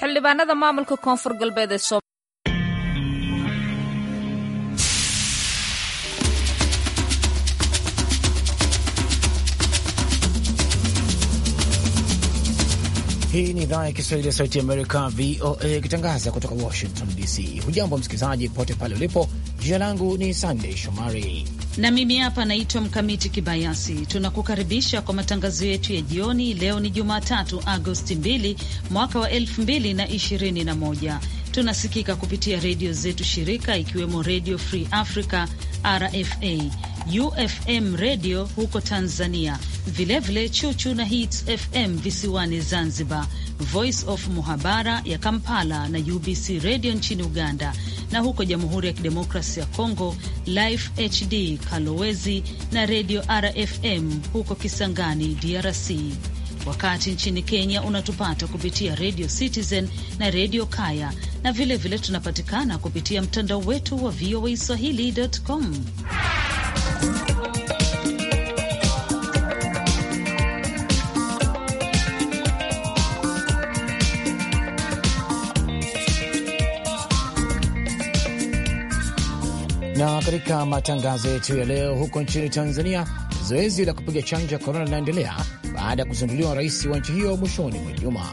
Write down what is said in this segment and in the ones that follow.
xildhibaanada maamulka koonfur galbeed ee soo Hii ni idhaa ya Kiswahili ya Sauti ya Amerika, VOA, ikitangaza kutoka Washington DC. Hujambo msikilizaji, popote pale ulipo. Jina langu ni Sandey Shomari na mimi hapa naitwa Mkamiti Kibayasi. Tunakukaribisha kwa matangazo yetu ya jioni. Leo ni Jumatatu, Agosti 2 mwaka wa 2021. Tunasikika kupitia redio zetu shirika, ikiwemo Redio Free Africa RFA UFM redio huko Tanzania, vilevile Chuchu na Hits FM visiwani Zanzibar, Voice of Muhabara ya Kampala na UBC redio nchini Uganda, na huko Jamhuri ya Kidemokrasi ya Kongo Life HD Kalowezi na redio RFM huko Kisangani, DRC wakati nchini Kenya unatupata kupitia redio Citizen na redio Kaya na vilevile vile tunapatikana kupitia mtandao wetu wa VOA Swahili.com. Na katika matangazo yetu ya leo, huko nchini Tanzania, zoezi la kupiga chanjo ya korona linaendelea baada ya kuzinduliwa rais wa nchi hiyo mwishoni mwa juma.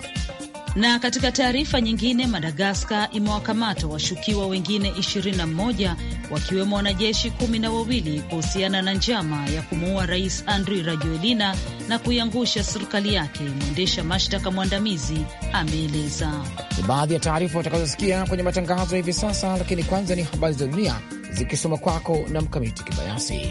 Na katika taarifa nyingine, Madagaskar imewakamata washukiwa wengine 21 wakiwemo wanajeshi kumi na wawili kuhusiana na njama ya kumuua Rais Andry Rajoelina na kuiangusha serikali yake, mwendesha mashtaka mwandamizi ameeleza. Ni baadhi ya taarifa watakazosikia kwenye matangazo hivi sasa, lakini kwanza ni habari za dunia zikisoma kwako na Mkamiti Kibayasi.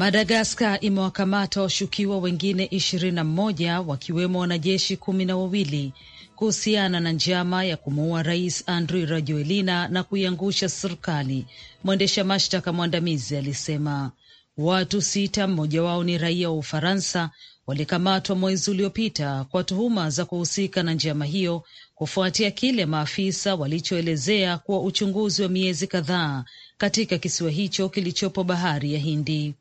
Madagaskar imewakamata washukiwa wengine ishirini na mmoja wakiwemo wanajeshi kumi na wawili kuhusiana na njama ya kumuua Rais Andry Rajoelina na kuiangusha serikali. Mwendesha mashtaka mwandamizi alisema watu sita, mmoja wao ni raia wa Ufaransa, walikamatwa mwezi uliopita kwa tuhuma za kuhusika na njama hiyo kufuatia kile maafisa walichoelezea kuwa uchunguzi wa miezi kadhaa katika kisiwa hicho kilichopo bahari ya Hindi.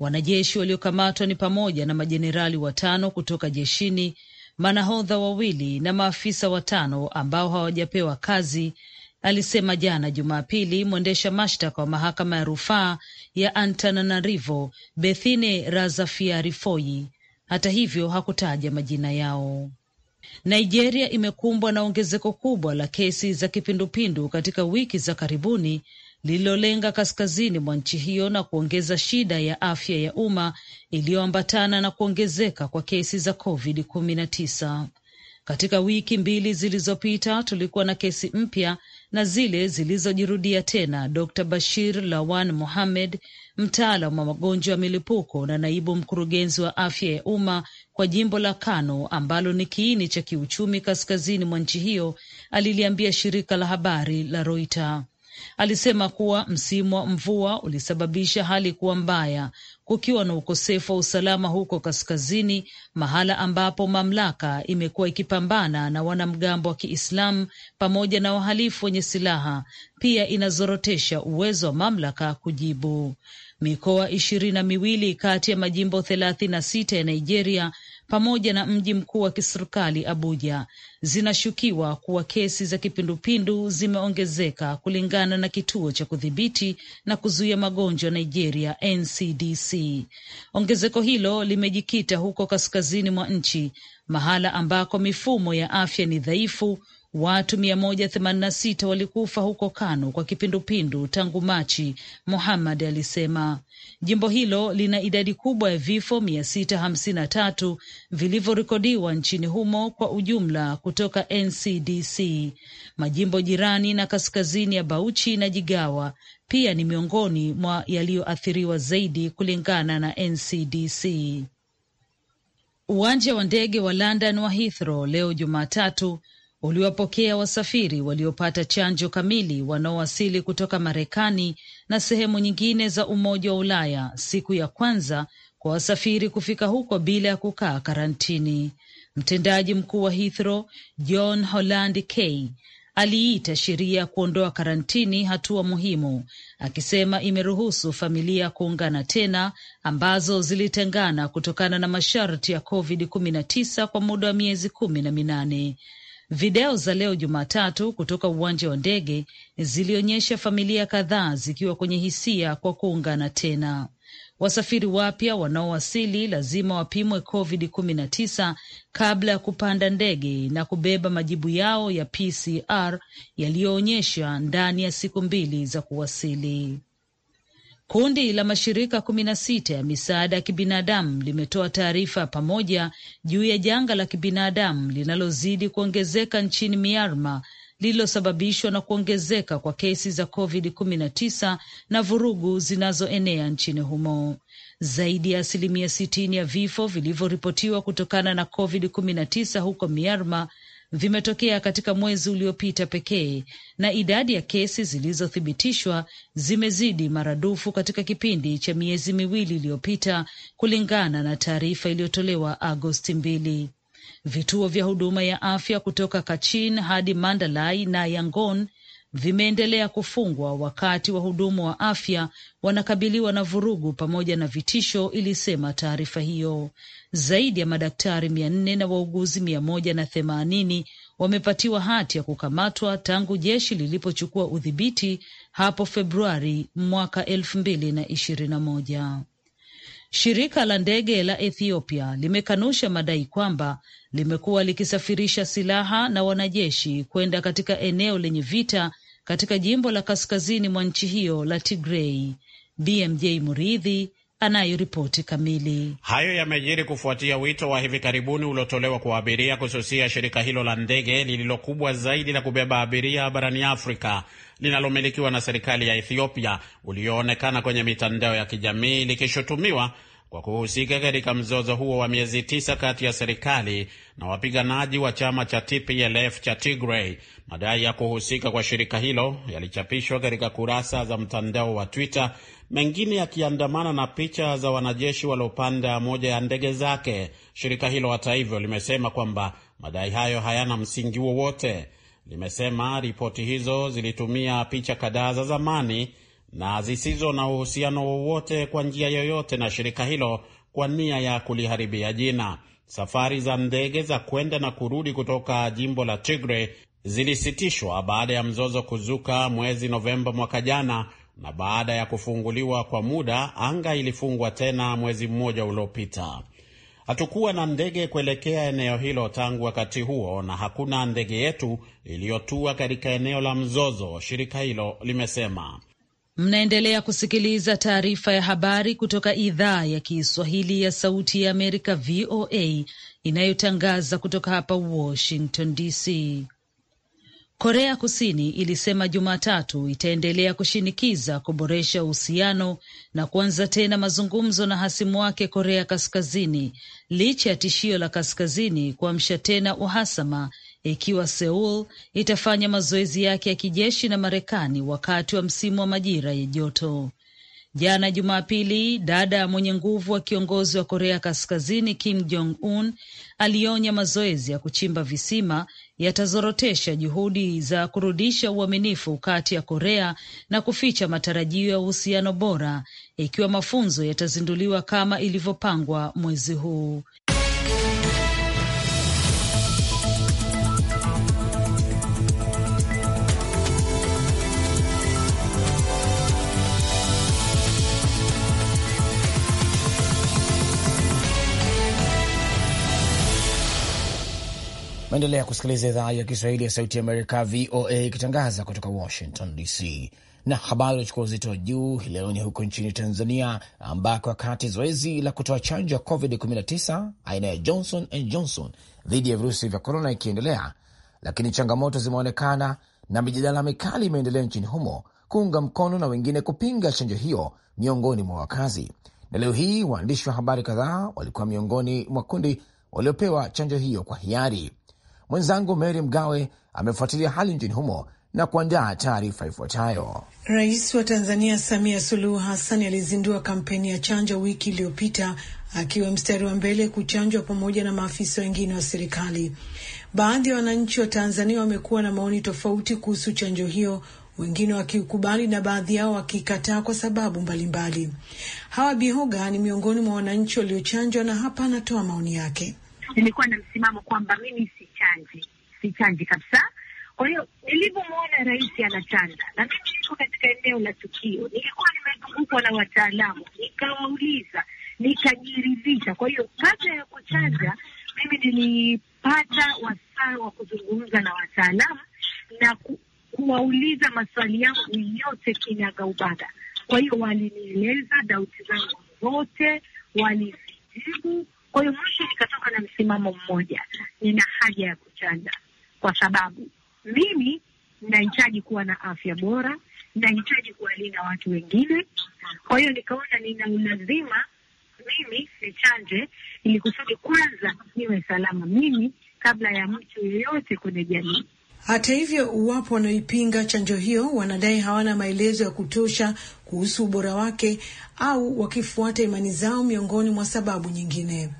Wanajeshi waliokamatwa ni pamoja na majenerali watano kutoka jeshini, manahodha wawili na maafisa watano ambao hawajapewa kazi, alisema jana Jumapili mwendesha mashtaka wa mahakama ya rufaa ya Antananarivo Bethine Razafiarifoyi. Hata hivyo hakutaja majina yao. Nigeria imekumbwa na ongezeko kubwa la kesi za kipindupindu katika wiki za karibuni lililolenga kaskazini mwa nchi hiyo na kuongeza shida ya afya ya umma iliyoambatana na kuongezeka kwa kesi za COVID-19. Katika wiki mbili zilizopita tulikuwa na kesi mpya na zile zilizojirudia tena. Dr Bashir Lawan Mohammed, mtaalam wa magonjwa ya milipuko na naibu mkurugenzi wa afya ya umma kwa jimbo la Kano ambalo ni kiini cha kiuchumi kaskazini mwa nchi hiyo, aliliambia shirika la habari la Reuters alisema kuwa msimu wa mvua ulisababisha hali kuwa mbaya, kukiwa na ukosefu wa usalama huko kaskazini, mahala ambapo mamlaka imekuwa ikipambana na wanamgambo wa Kiislamu pamoja na wahalifu wenye silaha. Pia inazorotesha uwezo wa mamlaka kujibu. Mikoa ishirini na miwili kati ya majimbo thelathini na sita ya Nigeria pamoja na mji mkuu wa kiserikali Abuja zinashukiwa kuwa kesi za kipindupindu zimeongezeka kulingana na kituo cha kudhibiti na kuzuia magonjwa Nigeria, NCDC. Ongezeko hilo limejikita huko kaskazini mwa nchi, mahala ambako mifumo ya afya ni dhaifu Watu 186 walikufa huko Kano kwa kipindupindu tangu Machi, Muhammad alisema. Jimbo hilo lina idadi kubwa ya vifo 653 vilivyorekodiwa nchini humo kwa ujumla kutoka NCDC. Majimbo jirani na kaskazini ya Bauchi na Jigawa pia ni miongoni mwa yaliyoathiriwa zaidi kulingana na NCDC. Uwanja wa ndege wa London wa Heathrow leo Jumatatu uliwapokea wasafiri waliopata chanjo kamili wanaowasili kutoka Marekani na sehemu nyingine za Umoja wa Ulaya siku ya kwanza kwa wasafiri kufika huko bila ya kukaa karantini. Mtendaji mkuu wa Heathrow John Holland K aliita sheria ya kuondoa karantini hatua muhimu, akisema imeruhusu familia kuungana tena ambazo zilitengana kutokana na masharti ya COVID-19 kwa muda wa miezi kumi na minane. Video za leo Jumatatu kutoka uwanja wa ndege zilionyesha familia kadhaa zikiwa kwenye hisia kwa kuungana tena. Wasafiri wapya wanaowasili lazima wapimwe COVID 19 kabla ya kupanda ndege na kubeba majibu yao ya PCR yaliyoonyesha ndani ya siku mbili za kuwasili. Kundi la mashirika kumi na sita ya misaada ya kibinadamu limetoa taarifa pamoja juu ya janga la kibinadamu linalozidi kuongezeka nchini Myanmar lililosababishwa na kuongezeka kwa kesi za COVID-19 na vurugu zinazoenea nchini humo. Zaidi ya asilimia sitini ya vifo vilivyoripotiwa kutokana na COVID-19 huko Myanmar vimetokea katika mwezi uliopita pekee, na idadi ya kesi zilizothibitishwa zimezidi maradufu katika kipindi cha miezi miwili iliyopita, kulingana na taarifa iliyotolewa Agosti mbili. Vituo vya huduma ya afya kutoka Kachin hadi Mandalay na Yangon vimeendelea kufungwa wakati wahudumu wa afya wanakabiliwa na vurugu pamoja na vitisho, ilisema taarifa hiyo. Zaidi ya madaktari mia nne na wauguzi mia moja na themanini wamepatiwa hati ya kukamatwa tangu jeshi lilipochukua udhibiti hapo Februari mwaka elfu mbili na ishirini na moja. Shirika la ndege la Ethiopia limekanusha madai kwamba limekuwa likisafirisha silaha na wanajeshi kwenda katika eneo lenye vita katika jimbo la kaskazini mwa nchi hiyo la Tigrei. BMJ Muridhi anayo ripoti kamili. Hayo yamejiri kufuatia wito wa hivi karibuni uliotolewa kwa abiria kususia shirika hilo la ndege lililokubwa zaidi la kubeba abiria barani Afrika linalomilikiwa na serikali ya Ethiopia, ulioonekana kwenye mitandao ya kijamii likishutumiwa kwa kuhusika katika mzozo huo wa miezi tisa kati ya serikali na wapiganaji wa chama cha TPLF cha Tigray. Madai ya kuhusika kwa shirika hilo yalichapishwa katika kurasa za mtandao wa Twitter, mengine yakiandamana na picha za wanajeshi waliopanda moja ya ndege zake. Shirika hilo hata hivyo limesema kwamba madai hayo hayana msingi wowote. Limesema ripoti hizo zilitumia picha kadhaa za zamani na zisizo na uhusiano wowote kwa njia yoyote na shirika hilo kwa nia ya kuliharibia jina. Safari za ndege za kwenda na kurudi kutoka jimbo la Tigre zilisitishwa baada ya mzozo kuzuka mwezi Novemba mwaka jana, na baada ya kufunguliwa kwa muda anga ilifungwa tena mwezi mmoja uliopita. Hatukuwa na ndege kuelekea eneo hilo tangu wakati huo, na hakuna ndege yetu iliyotua katika eneo la mzozo, shirika hilo limesema. Mnaendelea kusikiliza taarifa ya habari kutoka idhaa ya Kiswahili ya Sauti ya Amerika, VOA, inayotangaza kutoka hapa Washington DC. Korea Kusini ilisema Jumatatu itaendelea kushinikiza kuboresha uhusiano na kuanza tena mazungumzo na hasimu wake Korea Kaskazini licha ya tishio la Kaskazini kuamsha tena uhasama ikiwa seul itafanya mazoezi yake ya kijeshi na Marekani wakati wa msimu wa majira ya joto. Jana Jumapili, dada mwenye nguvu wa kiongozi wa Korea Kaskazini Kim Jong Un alionya mazoezi ya kuchimba visima yatazorotesha juhudi za kurudisha uaminifu kati ya Korea na kuficha matarajio ya uhusiano bora, ikiwa mafunzo yatazinduliwa kama ilivyopangwa mwezi huu. Maendelea kusikiliza idhaa ya Kiswahili ya Sauti ya Amerika, VOA, ikitangaza kutoka Washington DC. Na habari ilichukua uzito wa juu hii leo ni huko nchini Tanzania, ambako wakati zoezi la kutoa chanjo ya COVID-19 aina ya Johnson and Johnson dhidi ya virusi vya korona ikiendelea, lakini changamoto zimeonekana na mijadala mikali imeendelea nchini humo kuunga mkono na wengine kupinga chanjo hiyo miongoni mwa wakazi. Na leo hii waandishi wa habari kadhaa walikuwa miongoni mwa kundi waliopewa chanjo hiyo kwa hiari. Mwenzangu Mary Mgawe amefuatilia hali nchini humo na kuandaa taarifa ifuatayo. Rais wa Tanzania Samia Suluhu Hassan alizindua kampeni ya chanjo wiki iliyopita akiwa mstari wa mbele kuchanjwa pamoja na maafisa wengine wa serikali. Baadhi ya wananchi wa Tanzania wamekuwa na maoni tofauti kuhusu chanjo hiyo, wengine wakikubali na baadhi yao wakikataa kwa sababu mbalimbali Hawa Bihoga ni miongoni mwa wananchi waliochanjwa na hapa anatoa maoni yake. Nilikuwa na msimamo kwamba mimi sichanji, si chanji kabisa. Kwa hiyo nilivyomwona rais anachanja, na mimi niko katika eneo la tukio, nilikuwa nimezungukwa na wataalamu, nikawauliza, nikajiridhisha. Kwa hiyo kabla ya kuchanja, mimi nilipata wasaa wa kuzungumza na wataalamu na ku, kuwauliza maswali yangu yote kinaga ubaga. Kwa hiyo walinieleza dauti zangu zote, walizijibu kwa hiyo mwisho nikatoka na msimamo mmoja, nina haja ya kuchanja kwa sababu mimi nahitaji kuwa na afya bora, nahitaji kuwalinda watu wengine. Kwa hiyo nikaona nina ulazima mimi nichanje, ili kusudi kwanza niwe salama mimi kabla ya mtu yeyote kwenye jamii. Hata hivyo, wapo wanaoipinga chanjo hiyo, wanadai hawana maelezo ya kutosha kuhusu ubora wake, au wakifuata imani zao, miongoni mwa sababu nyingine.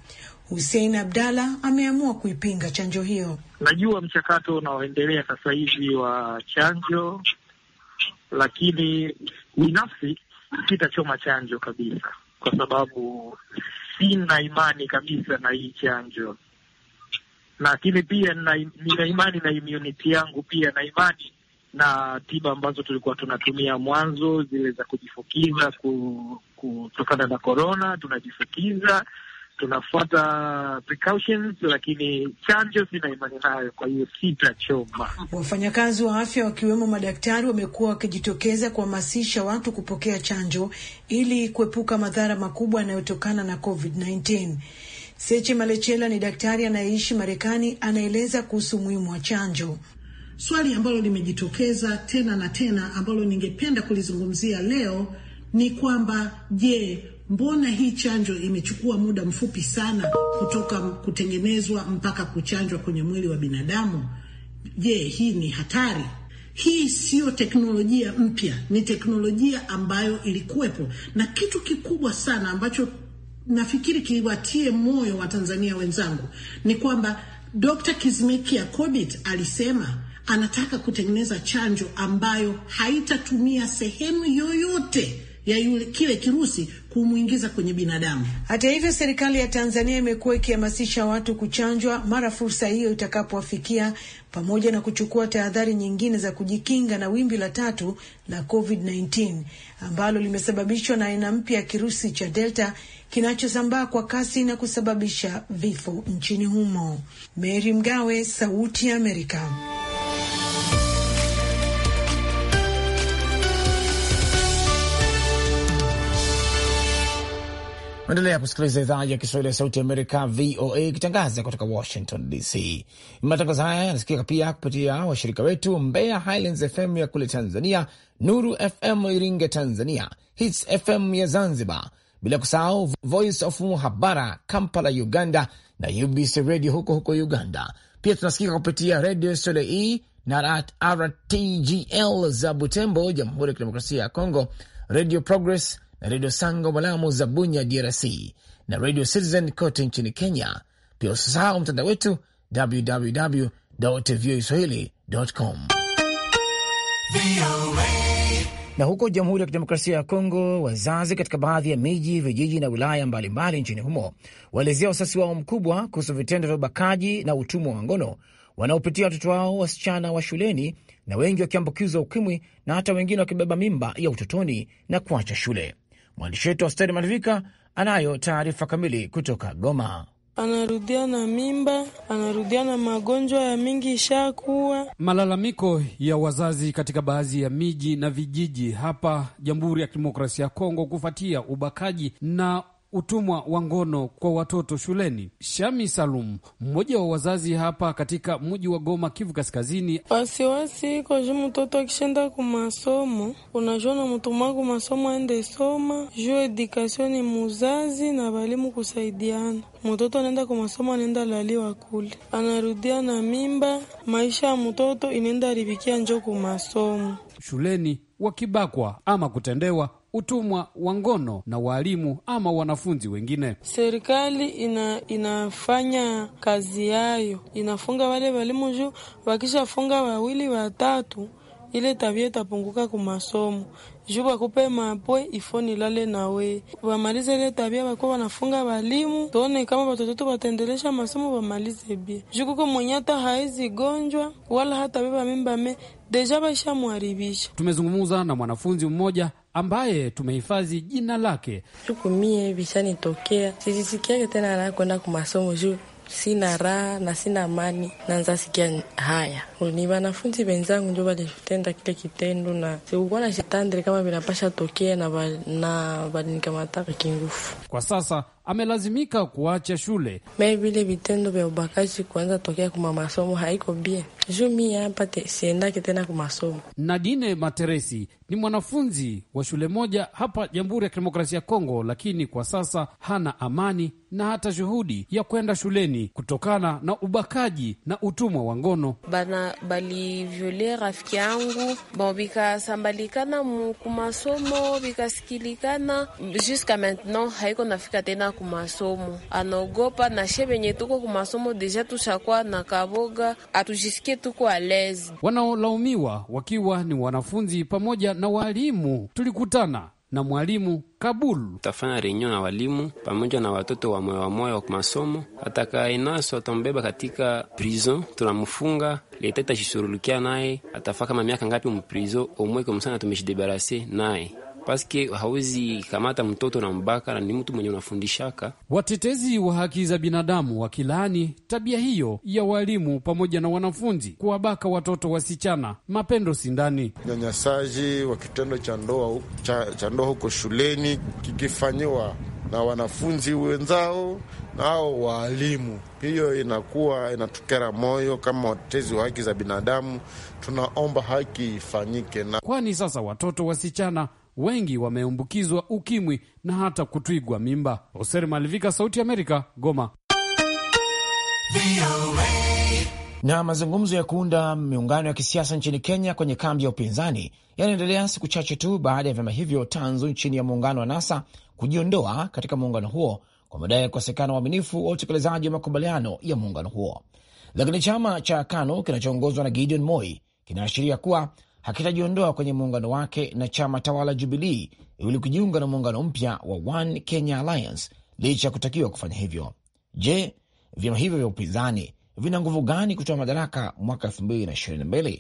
Hussein Abdalla ameamua kuipinga chanjo hiyo. Najua mchakato unaoendelea sasa hivi wa chanjo, lakini binafsi sitachoma chanjo kabisa, kwa sababu sina imani kabisa na hii chanjo lakini pia nina imani na immunity yangu, pia na imani na tiba ambazo tulikuwa tunatumia mwanzo, zile za kujifukiza kutokana na korona. Tunajifukiza, tunafuata precautions, lakini chanjo sina imani nayo, kwa hiyo sitachoma. Wafanyakazi wa afya wakiwemo madaktari wamekuwa wakijitokeza kuhamasisha watu kupokea chanjo ili kuepuka madhara makubwa yanayotokana na COVID-19. Seche Malechela ni daktari anayeishi Marekani, anaeleza kuhusu umuhimu wa chanjo. Swali ambalo limejitokeza tena na tena ambalo ningependa kulizungumzia leo ni kwamba je, mbona hii chanjo imechukua muda mfupi sana kutoka kutengenezwa mpaka kuchanjwa kwenye mwili wa binadamu? Je, hii ni hatari? Hii siyo teknolojia mpya, ni teknolojia ambayo ilikuwepo, na kitu kikubwa sana ambacho nafikiri kiwatie moyo wa tanzania wenzangu ni kwamba Dr. Kizimiki Kobit alisema anataka kutengeneza chanjo ambayo haitatumia sehemu yoyote ya yule kile kirusi kumwingiza kwenye binadamu. Hata hivyo, serikali ya Tanzania imekuwa ikihamasisha watu kuchanjwa mara fursa hiyo itakapowafikia, pamoja na kuchukua tahadhari nyingine za kujikinga na wimbi la tatu la COVID-19 ambalo limesababishwa na aina mpya ya kirusi cha Delta kinachosambaa kwa kasi na kusababisha vifo nchini humo. Mary Mgawe, Sauti ya Amerika. Endelea kusikiliza idhaa ya Kiswahili ya Sauti ya Amerika, VOA, ikitangaza kutoka Washington DC. Matangazo haya yanasikika pia kupitia washirika wetu Mbeya Highlands FM ya kule Tanzania, Nuru FM iringe Tanzania, Hits FM ya Zanzibar, bila kusahau Voice of Muhabara Kampala, Uganda, na UBC radio huko huko Uganda. Pia tunasikika kupitia redio Solei na RTGL za Butembo, Jamhuri ya Kidemokrasia ya Kongo, redio Progress na redio Sango Malamu za Bunya, DRC, na redio Citizen kote nchini Kenya. Pia usisahau mtandao wetu www voaswahili.com. Na huko Jamhuri ya Kidemokrasia ya Kongo, wazazi katika baadhi ya miji, vijiji na wilaya mbalimbali nchini humo waelezea wasiwasi wao mkubwa kuhusu vitendo vya ubakaji na utumwa wa ngono wanaopitia watoto wao wasichana wa shuleni, na wengi wakiambukizwa ukimwi na hata wengine wakibeba mimba ya utotoni na kuacha shule. Mwandishi wetu Asteri Malivika anayo taarifa kamili kutoka Goma na mimba, na magonjwa ya mingi ishakuwa. Malalamiko ya wazazi katika baadhi ya miji na vijiji hapa Jamhuri ya Kidemokrasia ya Kongo kufuatia ubakaji na utumwa wa ngono kwa watoto shuleni. Shami Salum, mmoja wa wazazi hapa katika mji wa Goma, Kivu Kaskazini. wasiwasi iko juu mtoto akishenda kumasomo, unashona mutuma kumasomo aende soma juu ni muzazi na valimu kusaidiana. Mtoto anaenda kumasomo, anaenda laliwa kule, anarudia na mimba. Maisha ya mtoto inaenda aribikia njo kumasomo shuleni, wakibakwa ama kutendewa utumwa wa ngono na waalimu ama wanafunzi wengine. Serikali ina, inafanya kazi yayo, inafunga wale walimu juu wakishafunga wawili watatu ile tabia itapunguka kumasomo juu wakupe mapwe ifoni lale nawe wamalize ile tabia, wakuwa wanafunga walimu. Tuone kama watototo wataendelesha masomo wamalize bia, juu kuko mwenye hata haezi gonjwa wala hata beba mimba me deja baisha mwaribisha. Tumezungumuza na mwanafunzi mmoja ambaye tumehifadhi jina lake. Siku mie vishanitokea, sijisikiake tena nakwenda kumasomo juu sina raha na sina amani, nanza sikia haya ni wanafunzi wenzangu ndio walitenda kile kitendo, na sikukuwa na shetandri kama vinapasha tokea na balinikamataka kingufu. Kwa sasa amelazimika kuacha shule me vile vitendo vya ubakaji kuanza tokea kuma masomo haiko bie juu mi hapa te, siendake tena kumasomo. Nadine Materesi ni mwanafunzi wa shule moja hapa Jamhuri ya Kidemokrasia ya Kongo, lakini kwa sasa hana amani na hata shuhudi ya kwenda shuleni kutokana na ubakaji na utumwa wa ngono bana balivyole rafiki yangu bon vikasambalikana kumasomo vikasikilikana juska maintenant haiko nafika tena kumasomo anaogopa na she venye tuko kumasomo deja tushakwa na kaboga atujisikie tuko alezi. Wanaolaumiwa wakiwa ni wanafunzi pamoja na walimu tulikutana na mwalimu Kabulu tafanya renyo na walimu pamoja na watoto wa moyo wa moyo wa masomo. Atakayenaswa tambeba katika prison, tunamfunga leta itajishughulikia naye. Atafaa kama miaka ngapi mprison, omweke msana tumeshidebarase naye paske hawezi kamata mtoto na mbaka, na ni mtu mwenye unafundishaka. Watetezi wa haki za binadamu wakilaani tabia hiyo ya walimu pamoja na wanafunzi kuwabaka watoto wasichana, mapendo sindani, nyanyasaji wa kitendo cha ndoa cha ndoa huko shuleni kikifanyiwa na wanafunzi wenzao nao waalimu. Hiyo inakuwa inatukera moyo kama watetezi wa haki za binadamu, tunaomba haki ifanyike na... kwani sasa watoto wasichana wengi wameambukizwa ukimwi na hata kutwigwa mimba. Hoser Malivika, Sauti ya Amerika, Goma. Na mazungumzo ya kuunda miungano ya kisiasa nchini Kenya kwenye kambi ya upinzani yanaendelea siku chache tu baada ya vyama hivyo tanzu chini ya muungano wa NASA kujiondoa katika muungano huo kwa madai ya kukosekana uaminifu wa utekelezaji wa makubaliano ya muungano huo. Lakini chama cha KANU kinachoongozwa na Gideon Moi kinaashiria kuwa hakitajiondoa kwenye muungano wake na chama tawala Jubilii ili kujiunga na muungano mpya wa One Kenya Alliance licha ya kutakiwa kufanya hivyo. Je, vyama hivyo vya upinzani vina nguvu gani kutoa madaraka mwaka 2022?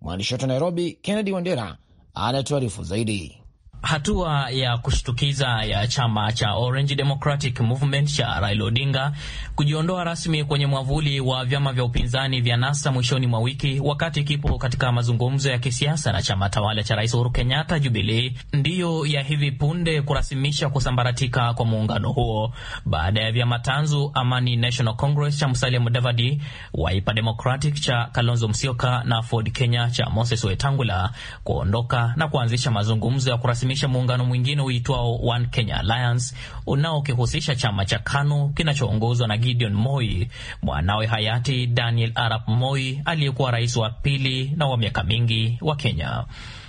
Mwandishi wetu wa Nairobi, Kennedy Wandera, anatuarifu zaidi. Hatua ya kushtukiza ya chama cha Orange Democratic Movement cha Raila Odinga kujiondoa rasmi kwenye mwavuli wa vyama vya upinzani vya NASA mwishoni mwa wiki, wakati kipo katika mazungumzo ya kisiasa na chama tawala cha Rais Uhuru Kenyatta, Jubilee, ndiyo ya hivi punde kurasimisha kusambaratika kwa muungano huo baada ya vyama tanzu Amani National Congress cha Musalia Mudavadi, Wiper Democratic cha Kalonzo Musyoka na Ford Kenya cha Moses Wetangula kuondoka na kuanzisha mazungumzo ya kurasimisha kuunganisha muungano mwingine uitwao One Kenya Alliance unaokihusisha chama cha KANU kinachoongozwa na Gideon Moi, mwanawe hayati Daniel Arap Moi aliyekuwa rais wa pili na wa miaka mingi wa Kenya.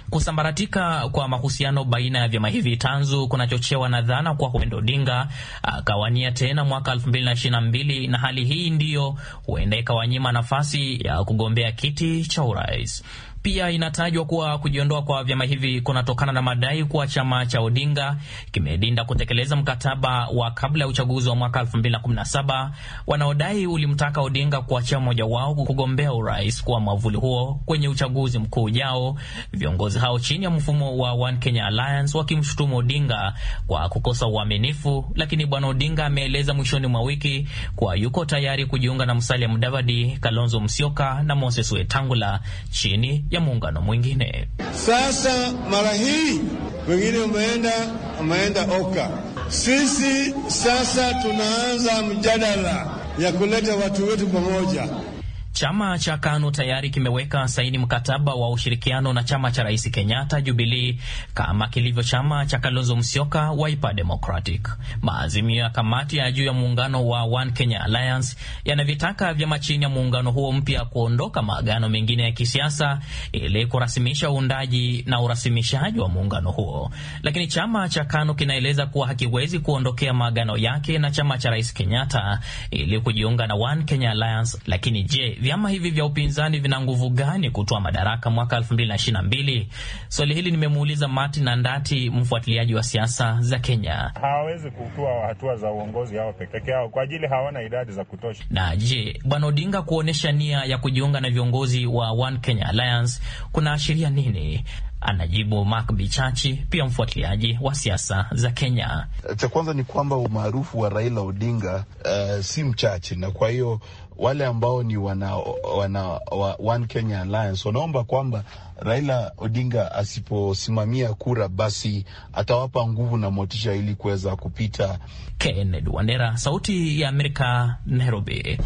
Kusambaratika kwa mahusiano baina ya vyama hivi tanzu kunachochewa na dhana kwa huenda Odinga akawania tena mwaka 2022 na hali hii ndiyo huenda ikawanyima nafasi ya kugombea kiti cha urais. Pia inatajwa kuwa kujiondoa kwa vyama hivi kunatokana na madai kuwa chama cha Odinga kimedinda kutekeleza mkataba wa kabla ya uchaguzi wa mwaka 2017 wanaodai ulimtaka Odinga kuachia mmoja wao kugombea urais kwa mwavuli huo kwenye uchaguzi mkuu ujao, viongozi hao chini ya mfumo wa One Kenya Alliance wakimshutumu Odinga kwa kukosa uaminifu, lakini bwana Odinga ameeleza mwishoni mwa wiki kuwa yuko tayari kujiunga na Musalia Mudavadi, Kalonzo Musyoka na Moses Wetangula chini ya muungano mwingine. Sasa mara hii wengine umeenda umeenda oka, sisi sasa tunaanza mjadala ya kuleta watu wetu pamoja Chama cha KANU tayari kimeweka saini mkataba wa ushirikiano na chama cha Rais Kenyatta, jubilii kama kilivyo chama cha Kalonzo Musyoka, Wiper Democratic. Maazimio ya kamati ya juu ya muungano wa One Kenya Alliance yanavitaka vyama chini ya muungano huo mpya kuondoka maagano mengine ya kisiasa ili kurasimisha uundaji na urasimishaji wa muungano huo, lakini chama cha KANU kinaeleza kuwa hakiwezi kuondokea maagano yake na chama cha Rais Kenyatta ili kujiunga na One Kenya Alliance. Lakini je, vyama hivi vya upinzani vina nguvu gani kutoa madaraka mwaka 2022? Swali hili nimemuuliza Martin Andati, mfuatiliaji wa siasa za Kenya. Hawawezi kutoa hatua za uongozi hao pekee yao, kwa ajili hawana idadi za kutosha. Na je, bwana Odinga kuonyesha nia ya kujiunga na viongozi wa One Kenya Alliance kunaashiria nini? Anajibu Mark Bichachi, pia mfuatiliaji wa siasa za Kenya. Cha kwanza ni kwamba umaarufu wa Raila Odinga uh, si mchache, na kwa hiyo wale ambao ni wana, wana, wa, One Kenya Alliance wanaomba kwamba Raila Odinga asiposimamia kura basi atawapa nguvu na motisha ili kuweza kupita. Kennedy Wandera, Sauti ya Amerika, Nairobi.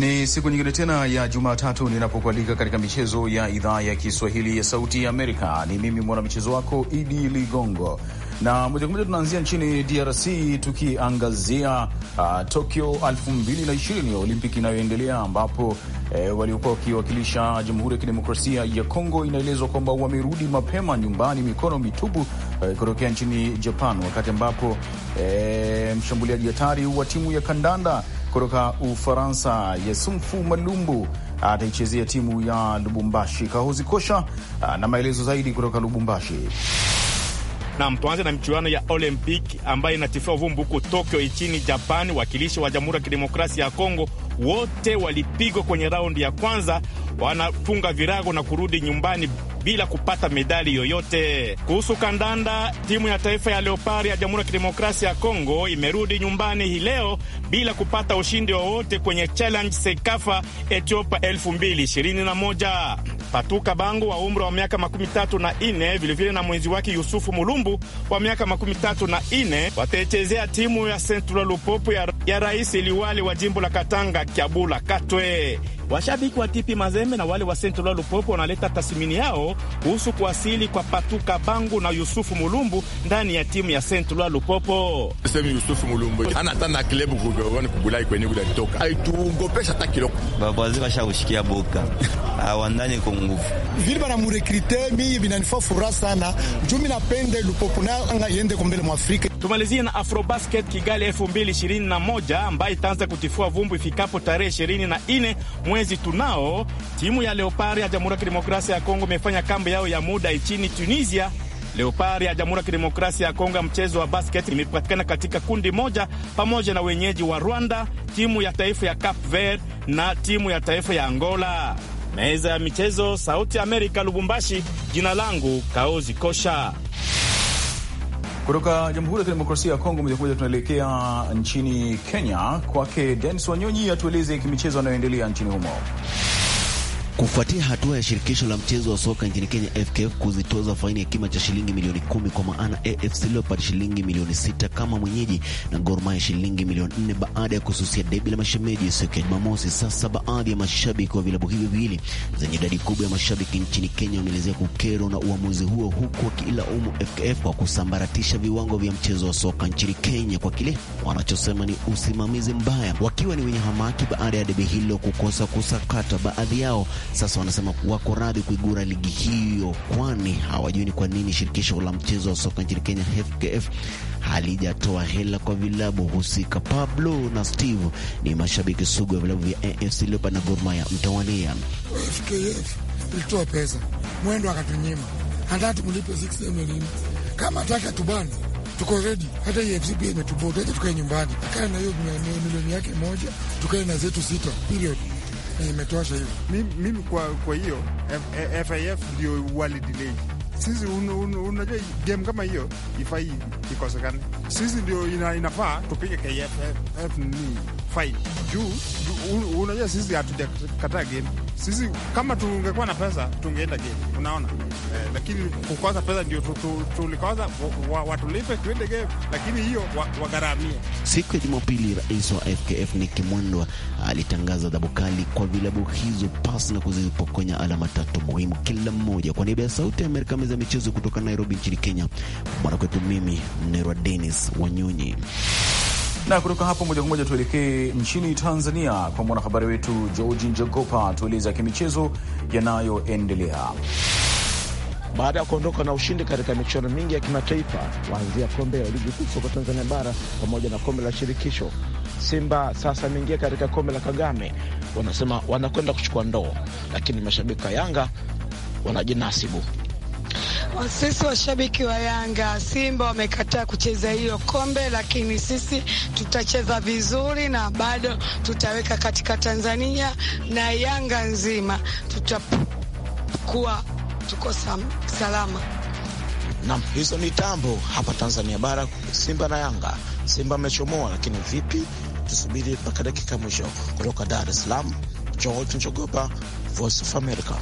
Ni siku nyingine tena ya Jumatatu ninapokualika katika michezo ya idhaa ya Kiswahili ya Sauti ya Amerika. Ni mimi mwanamichezo wako Idi Ligongo, na moja kwa moja tunaanzia nchini DRC tukiangazia uh, Tokyo 2020 Olimpiki inayoendelea ambapo eh, waliokuwa wakiwakilisha Jamhuri ya Kidemokrasia ya Kongo inaelezwa kwamba wamerudi mapema nyumbani mikono mitupu eh, kutokea nchini Japan, wakati ambapo eh, mshambuliaji hatari wa timu ya kandanda kutoka Ufaransa, Yesumfu Malumbu ataichezea timu ya Lubumbashi. Kahozi Kosha ah, na maelezo zaidi kutoka Lubumbashi. Nam, tuanze na michuano ya Olympic ambayo inatifua vumbi huko Tokyo nchini japan Wakilishi wa Jamhuri ya Kidemokrasia ya Kongo wote walipigwa kwenye raundi ya kwanza, wanafunga virago na kurudi nyumbani bila kupata medali yoyote. Kuhusu kandanda, timu ya taifa ya Leopard ya Jamhuri ya Kidemokrasia ya Kongo imerudi nyumbani hii leo bila kupata ushindi wowote kwenye Challenge Sekafa Ethiopia 2021. Patuka Bangu wa umri wa miaka makumi tatu na ine vilevile na mwenzi wake Yusufu Mulumbu wa miaka makumi tatu na ine wataichezea timu ya Central Lupopo ya, ya Rais Liwali wa jimbo la Katanga Kyabula Katwe. Washabiki wa Tipi Mazembe na wale wa Saint Lupopo wanaleta tasimini yao kuhusu kuwasili kwa Patuka Bangu na Yusufu Mulumbu ndani ya timu ya Saint Lupopo. Sema Yusufu Mulumbu ana anatanda klebu kugogona kubulai kwenye kule kutoka. Aituongopesha hata kiloko. baba Babazi bashaushikia boka. awandani kwa nguvu. Vile bana murekrite mimi binanifaa furaha sana. Jumi napende Lupopo na anga yende kombele mwa Afrika. Tumalizie na Afrobasket Kigali 2021 ambayo itaanza kutifua vumbi ifikapo tarehe 24 mwezi mwezi tunao, timu ya Leopari ya Jamhuri ya Kidemokrasia ya Kongo imefanya kambi yao ya muda nchini Tunisia. Leopari ya Jamhuri ya Kidemokrasia ya Kongo ya mchezo wa basket imepatikana katika kundi moja pamoja na wenyeji wa Rwanda, timu ya taifa ya Cape Verde na timu ya taifa ya Angola. Meza ya michezo, Sauti ya Amerika, Lubumbashi. Jina langu Kaozi Kosha. Kutoka Jamhuri ya Kidemokrasia ya Kongo moja kwa moja tunaelekea nchini Kenya, kwake Denis Wanyonyi atueleze kimichezo anayoendelea nchini humo kufuatia hatua ya shirikisho la mchezo wa soka nchini Kenya FKF kuzitoza faini ya kima cha shilingi milioni kumi kwa maana AFC Leopards shilingi milioni sita kama mwenyeji na Gor Mahia shilingi milioni nne baada ya kususia debi la mashemeji siku ya Jumamosi. Sasa baadhi ya mashabiki wa vilabu hivyo viwili zenye idadi kubwa ya mashabiki nchini Kenya wameelezea kukerwa na uamuzi huo, huku wakilaumu FKF kwa kusambaratisha viwango vya mchezo wa soka nchini Kenya kwa kile wanachosema ni usimamizi mbaya, wakiwa ni wenye hamaki baada ya debi hilo kukosa kusakata baadhi yao sasa wanasema wako radhi kuigura ligi hiyo, kwani hawajui ni kwa nini shirikisho la mchezo wa soka nchini Kenya FKF halijatoa hela kwa vilabu husika. Pablo na Steve ni mashabiki sugu ya vilabu vya AFC Leopards na Gor Mahia mtawalia. FKF ilitoa pesa, mwendo akatunyima, anataka tumlipe 6 milioni. Kama taka tubani tuko redi. Hata EFC pia imetubota, tukae nyumbani, tukae na hiyo milioni yake moja, tukae na zetu sita period imetosha hivi mimi, mimi kwa, kwa hiyo FAF ndio wali sisi unajua un, game kama hiyo ifai ikosekane. Sisi ndio ina, inafaa tupige KFF ni fai juu. un, Unajua sisi hatuja kataa game. Sisi kama tungekuwa na pesa tungeenda game, unaona eh, lakini kukosa pesa ndio tulikosa tu, wa, watulipe tuende game, lakini hiyo wagharamia. Siku ya Jumapili, rais wa FKF Nick Mwendwa alitangaza adhabu kali kwa vilabu hizo pasi na kuzipokonya alama tatu muhimu kila mmoja. Kwa niaba ya Sauti ya Amerika meza michezo kutoka Nairobi nchini Kenya. Mwanakwetu mimi Mnerwa Denis Wanyonyi na kutoka hapo moja kwa moja tuelekee nchini Tanzania kwa mwanahabari wetu Georgi Njogopa, tueleza kimichezo yanayoendelea baada ya kuondoka na ushindi katika michuano mingi ya kimataifa kuanzia kombe la ligi kuu soka Tanzania bara pamoja na kombe la shirikisho. Simba sasa ameingia katika kombe la Kagame, wanasema wanakwenda kuchukua ndoo, lakini mashabiki wa Yanga wanajinasibu sisi washabiki wa Yanga, Simba wamekataa kucheza hiyo kombe, lakini sisi tutacheza vizuri na bado tutaweka katika Tanzania na Yanga nzima, tutakuwa tuko salama. Nam, hizo ni tambo hapa Tanzania bara, Simba na Yanga. Simba amechomoa, lakini vipi? Tusubiri mpaka dakika mwisho. Kutoka Dar es Salaam, George Njogopa, Voice of America.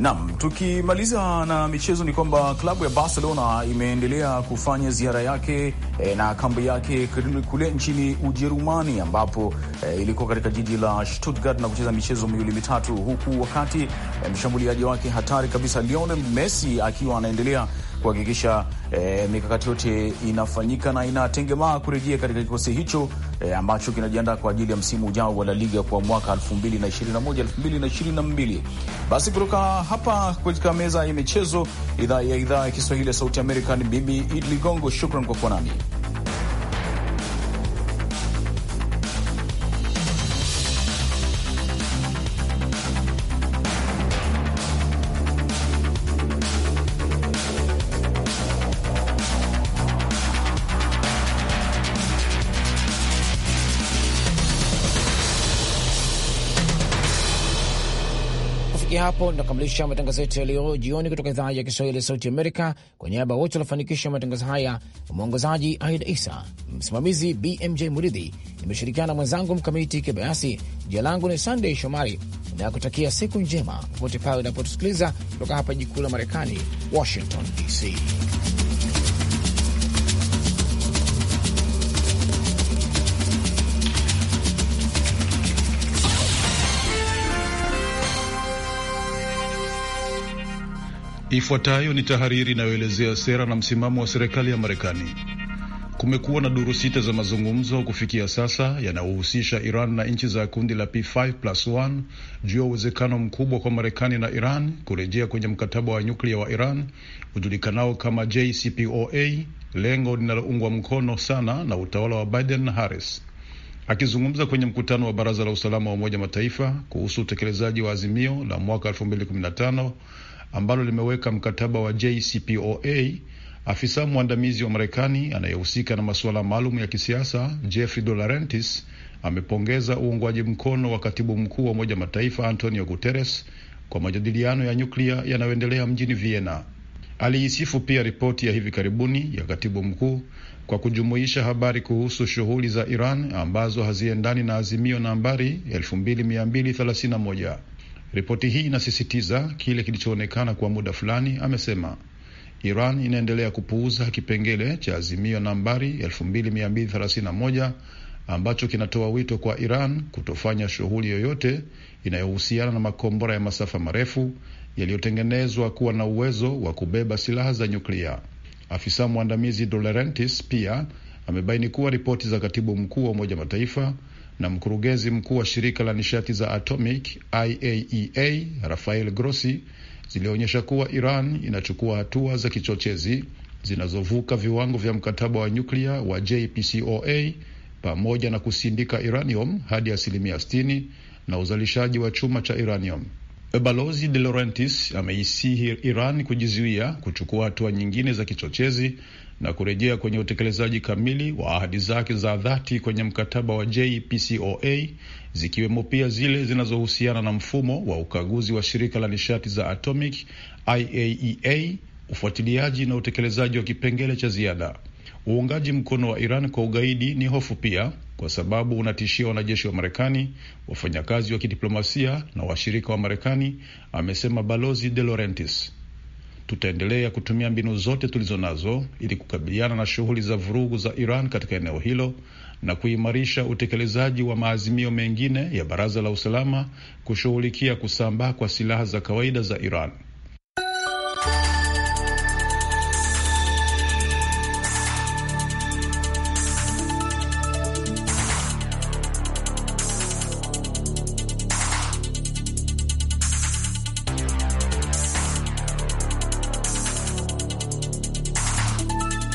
Nam, tukimaliza na michezo ni kwamba klabu ya Barcelona imeendelea kufanya ziara yake e, na kambi yake kule nchini Ujerumani ambapo e, ilikuwa katika jiji la Stuttgart na kucheza michezo miwili mitatu, huku wakati e, mshambuliaji wake hatari kabisa Lionel Messi akiwa anaendelea kuhakikisha e, mikakati yote inafanyika na inatengemaa kurejea katika kikosi hicho e, ambacho kinajiandaa kwa ajili ya msimu ujao wa La Liga kwa mwaka 2021 2022. Basi kutoka hapa katika meza ya michezo idhaa ya idhaa ya Kiswahili ya Sauti Amerika, ni mimi Idi Ligongo, shukran kwa kuwa nami. hapo tunakamilisha matangazo yetu yaliyo jioni kutoka idhaa ya Kiswahili ya Sauti Amerika. Kwa niaba wote waliofanikisha matangazo haya, mwongozaji Aida Isa, msimamizi BMJ Muridhi, nimeshirikiana na mwenzangu Mkamiti Kibayasi. Jina langu ni Sandey Shomari na kutakia siku njema popote pale unapotusikiliza kutoka hapa jikuu la Marekani, Washington DC. Ifuatayo ni tahariri inayoelezea sera na msimamo wa serikali ya Marekani. Kumekuwa na duru sita za mazungumzo kufikia sasa yanayohusisha Iran na nchi za kundi la P5+1 juu ya uwezekano mkubwa kwa Marekani na Iran kurejea kwenye mkataba wa nyuklia wa Iran ujulikanao kama JCPOA, lengo linaloungwa mkono sana na utawala wa Biden na Harris. Akizungumza kwenye mkutano wa Baraza la Usalama wa Umoja Mataifa kuhusu utekelezaji wa azimio la mwaka 2015 ambalo limeweka mkataba wa JCPOA. Afisa mwandamizi wa Marekani anayehusika na masuala maalum ya kisiasa Jeffrey Dolarentis amepongeza uungwaji mkono wa katibu mkuu wa Umoja Mataifa Antonio Guterres kwa majadiliano ya nyuklia yanayoendelea mjini Vienna. Aliisifu pia ripoti ya hivi karibuni ya katibu mkuu kwa kujumuisha habari kuhusu shughuli za Iran ambazo haziendani na azimio nambari 2231. Ripoti hii inasisitiza kile kilichoonekana kwa muda fulani, amesema. Iran inaendelea kupuuza kipengele cha azimio nambari 2231 ambacho kinatoa wito kwa Iran kutofanya shughuli yoyote inayohusiana na makombora ya masafa marefu yaliyotengenezwa kuwa na uwezo wa kubeba silaha za nyuklia. Afisa mwandamizi Dolerentis pia amebaini kuwa ripoti za katibu mkuu wa Umoja Mataifa na mkurugenzi mkuu wa shirika la nishati za atomic IAEA e Rafael Grossi zilionyesha kuwa Iran inachukua hatua za kichochezi zinazovuka viwango vya mkataba wa nyuklia wa JCPOA pamoja na kusindika uranium hadi asilimia 60 na uzalishaji wa chuma cha uranium. Balozi De Laurentis ameisihi Iran kujizuia kuchukua hatua nyingine za kichochezi na kurejea kwenye utekelezaji kamili wa ahadi zake za dhati kwenye mkataba wa JCPOA zikiwemo pia zile zinazohusiana na mfumo wa ukaguzi wa shirika la nishati za atomic IAEA, e ufuatiliaji na utekelezaji wa kipengele cha ziada. Uungaji mkono wa Iran kwa ugaidi ni hofu pia, kwa sababu unatishia wanajeshi wa Marekani, wafanyakazi wa kidiplomasia na washirika wa Marekani, amesema Balozi De Laurentis. Tutaendelea kutumia mbinu zote tulizo nazo ili kukabiliana na shughuli za vurugu za Iran katika eneo hilo na kuimarisha utekelezaji wa maazimio mengine ya Baraza la Usalama kushughulikia kusambaa kwa silaha za kawaida za Iran.